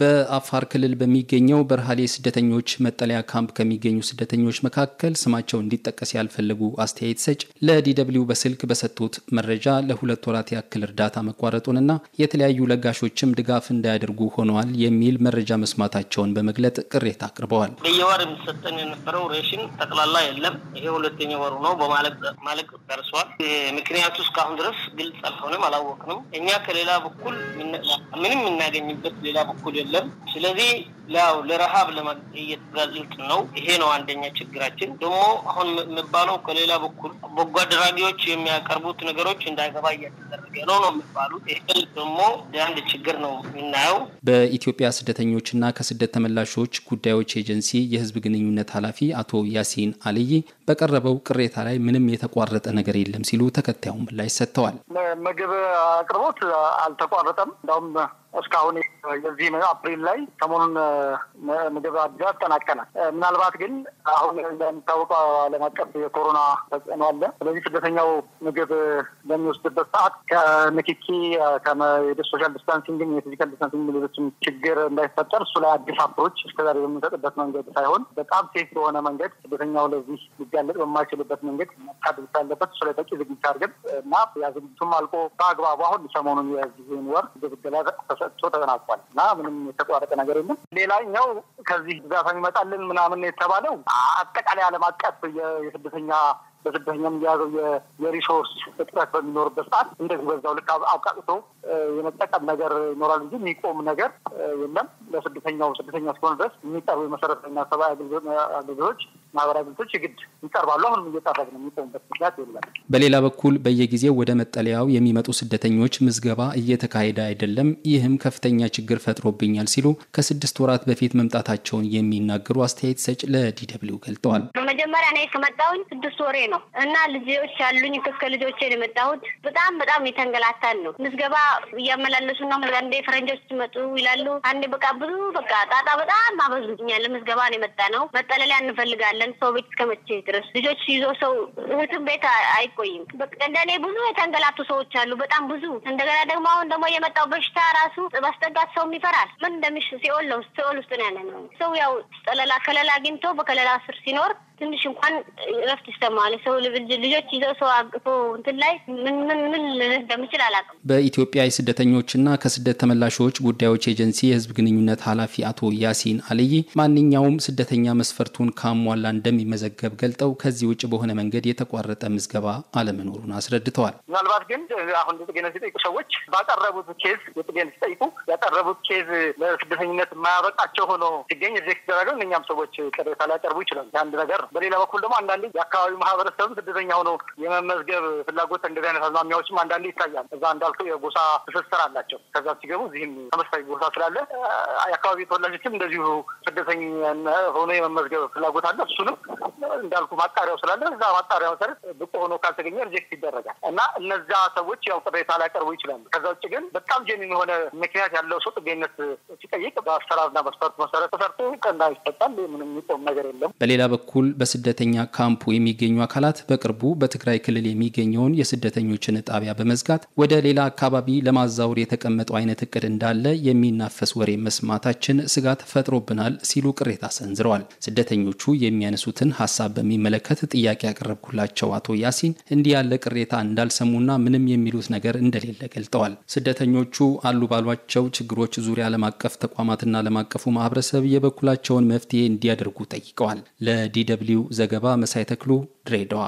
በአፋር ክልል በሚገኘው በርሃሌ ስደተኞች መጠለያ ካምፕ ከሚገኙ ስደተኞች መካከል ስማቸው እንዲጠቀስ ያልፈለጉ አስተያየት ሰጭ ለዲደብሊው በስልክ በሰጡት መረጃ ለሁለት ወራት ያክል እርዳታ መቋረጡንና የተለያዩ ለጋሾችም ድጋፍ እንዳያደርጉ ሆነዋል የሚል መረጃ መስማታቸውን በመግለጥ ቅሬታ አቅርበዋል። በየወር የሚሰጠን የነበረው ሬሽን ጠቅላላ የለም፣ ይሄ ሁለተኛ ወሩ ነው በማለቅ ደርሷል። ምክንያቱ እስካሁን ድረስ ግልጽ አልሆነም፣ አላወቅንም። እኛ ከሌላ በኩል ምንም የምናገኝበት ሌላ በኩል የለም። ስለዚህ ያው ለረሃብ እየተጋለጥን ነው። ይሄ ነው አንደኛ ችግራችን። ደግሞ አሁን የሚባለው ከሌላ በኩል በጎ አድራጊዎች የሚያቀርቡት ነገሮች እንዳይገባ እያደረገ ነው ነው የሚባሉት። ይህ ደግሞ የአንድ ችግር ነው የምናየው። በኢትዮጵያ ስደተኞችና ከስደት ተመላሾች ጉዳዮች ኤጀንሲ የህዝብ ግንኙነት ኃላፊ አቶ ያሲን አልይ በቀረበው ቅሬታ ላይ ምንም የተቋረጠ ነገር የለም ሲሉ ተከታዩን ምላሽ ሰጥተዋል። የምግብ አቅርቦት አልተቋረጠም። እንዳውም እስካሁን የዚህ አፕሪል ላይ ሰሞኑን ምግብ አድጋ አጠናቀናል። ምናልባት ግን አሁን እንደሚታወቀው ዓለም አቀፍ የኮሮና ተጽዕኖ አለ። ስለዚህ ስደተኛው ምግብ በሚወስድበት ሰዓት ከንክኪ ሶሻል ዲስታንሲንግ፣ የፊዚካል ዲስታንሲንግ ሌሎችም ችግር እንዳይፈጠር እሱ ላይ አዲስ አፕሮች እስከዛሬ በምንሰጥበት መንገድ ሳይሆን በጣም ሴፍ በሆነ መንገድ ስደተኛው ለዚህ ሊጋለጥ በማይችልበት መንገድ መታደግ አለበት። እሱ ላይ በቂ ዝግጅት አድርገን እና ያ አልቆ በአግባቡ አሁን ሰሞኑን የህዝብን ወር ግብግላ ተሰጥቶ ተጠናቋል እና ምንም የተቋረጠ ነገር የለም። ሌላኛው ከዚህ ድጋፍ ይመጣልን ምናምን የተባለው አጠቃላይ ዓለም አቀፍ የስደተኛ በስደተኛ የያዘው የሪሶርስ እጥረት በሚኖርበት ሰዓት እንደዚህ በዛው ልክ አብቃቅቶ የመጠቀም ነገር ይኖራል እንጂ የሚቆም ነገር የለም። ለስደተኛው ስደተኛ እስከሆነ ድረስ የሚጠሩ የመሰረተኛ ሰብአዊ አገልግሎቶች ማህበራዊ ቤቶች የግድ ይቀርባሉ። አሁንም እየቀረብ ነው፣ የሚቆሙበት ምክንያት የለም። በሌላ በኩል በየጊዜው ወደ መጠለያው የሚመጡ ስደተኞች ምዝገባ እየተካሄደ አይደለም፣ ይህም ከፍተኛ ችግር ፈጥሮብኛል ሲሉ ከስድስት ወራት በፊት መምጣታቸውን የሚናገሩ አስተያየት ሰጭ ለዲደብሊው ገልጠዋል። በመጀመሪያ እኔ ከመጣሁኝ ስድስት ወሬ ነው እና ልጆች ያሉኝ ከስከ ልጆቼ ነው የመጣሁት። በጣም በጣም የተንገላታን ነው። ምዝገባ እያመላለሱ ነው። አንዴ ፈረንጆች ሲመጡ ይላሉ፣ አንዴ በቃ ብዙ በቃ ጣጣ በጣም አበዙኛል። ምዝገባ ነው የመጣ ነው። መጠለያ እንፈልጋለን እንኖራለን። ሰው ቤት እስከ መቼ ድረስ ልጆች ይዞ ሰው እህትም ቤት አይቆይም። እንደኔ ብዙ የተንገላቱ ሰዎች አሉ፣ በጣም ብዙ። እንደገና ደግሞ አሁን ደግሞ የመጣው በሽታ ራሱ ማስጠጋት ሰውም ይፈራል። ምን እንደሚሽ ሲኦል ነው፣ ሲኦል ውስጥ ነው ያለ ነው። ሰው ያው ጠለላ ከለላ አግኝቶ በከለላ ስር ሲኖር ትንሽ እንኳን እረፍት ይሰማል። የሰው ልጆች ይዘው ሰው አቅፎ እንትን ላይ ምን ምን ምን እንደምችል አላውቅም። በኢትዮጵያ የስደተኞችና ከስደት ተመላሾች ጉዳዮች ኤጀንሲ የህዝብ ግንኙነት ኃላፊ አቶ ያሲን አልይ ማንኛውም ስደተኛ መስፈርቱን ካሟላ እንደሚመዘገብ ገልጠው ከዚህ ውጭ በሆነ መንገድ የተቋረጠ ምዝገባ አለመኖሩን አስረድተዋል። ምናልባት ግን አሁን ጥገና ሲጠይቁ ሰዎች ባቀረቡት ኬዝ ጥገና ሲጠይቁ ያቀረቡት ኬዝ ለስደተኝነት ማያበቃቸው ሆኖ ሲገኝ ሪጀክት ደረገው እኛም ሰዎች ቅሬታ ሊያቀርቡ ይችላል። አንድ ነገር በሌላ በኩል ደግሞ አንዳንዴ የአካባቢው ማህበረሰብ ስደተኛ ሆኖ የመመዝገብ ፍላጎት እንደዚህ አይነት አዝማሚያዎችም አንዳንዴ ይታያል። እዛ እንዳልከው የጎሳ ትስስር አላቸው። ከዛ ሲገቡ እዚህም ተመሳሳይ ጎሳ ስላለ የአካባቢ ተወላጆችም እንደዚሁ ስደተኛ ሆኖ የመመዝገብ ፍላጎት አለ። እሱንም እንዳልኩ ማጣሪያው ስላለ እዛ ማጣሪያ መሰረት ብቁ ሆኖ ካልተገኘ ሪጀክት ይደረጋል እና እነዛ ሰዎች ያው ቅሬታ ሊያቀርቡ ይችላሉ። ከዛ ውጭ ግን በጣም ጀኒን የሆነ ምክንያት ያለው ሰው ጥገኝነት ሲጠይቅ በአሰራርና መስፈርት መሰረት ተሰርቶ ቀና ይሰጣል። ምንም የሚቆም ነገር የለም። በሌላ በኩል በስደተኛ ካምፑ የሚገኙ አካላት በቅርቡ በትግራይ ክልል የሚገኘውን የስደተኞችን ጣቢያ በመዝጋት ወደ ሌላ አካባቢ ለማዛወር የተቀመጠው አይነት እቅድ እንዳለ የሚናፈስ ወሬ መስማታችን ስጋት ፈጥሮብናል ሲሉ ቅሬታ ሰንዝረዋል። ስደተኞቹ የሚያነሱትን ሀሳብ በሚመለከት ጥያቄ ያቀረብኩላቸው አቶ ያሲን እንዲህ ያለ ቅሬታ እንዳልሰሙና ምንም የሚሉት ነገር እንደሌለ ገልጠዋል። ስደተኞቹ አሉ ባሏቸው ችግሮች ዙሪያ ዓለም አቀፍ ተቋማትና ዓለም አቀፉ ማህበረሰብ የበኩላቸውን መፍትሄ እንዲያደርጉ ጠይቀዋል። ለዲደብ ዲደብሊው ዘገባ መሳይ ተክሉ ድሬዳዋ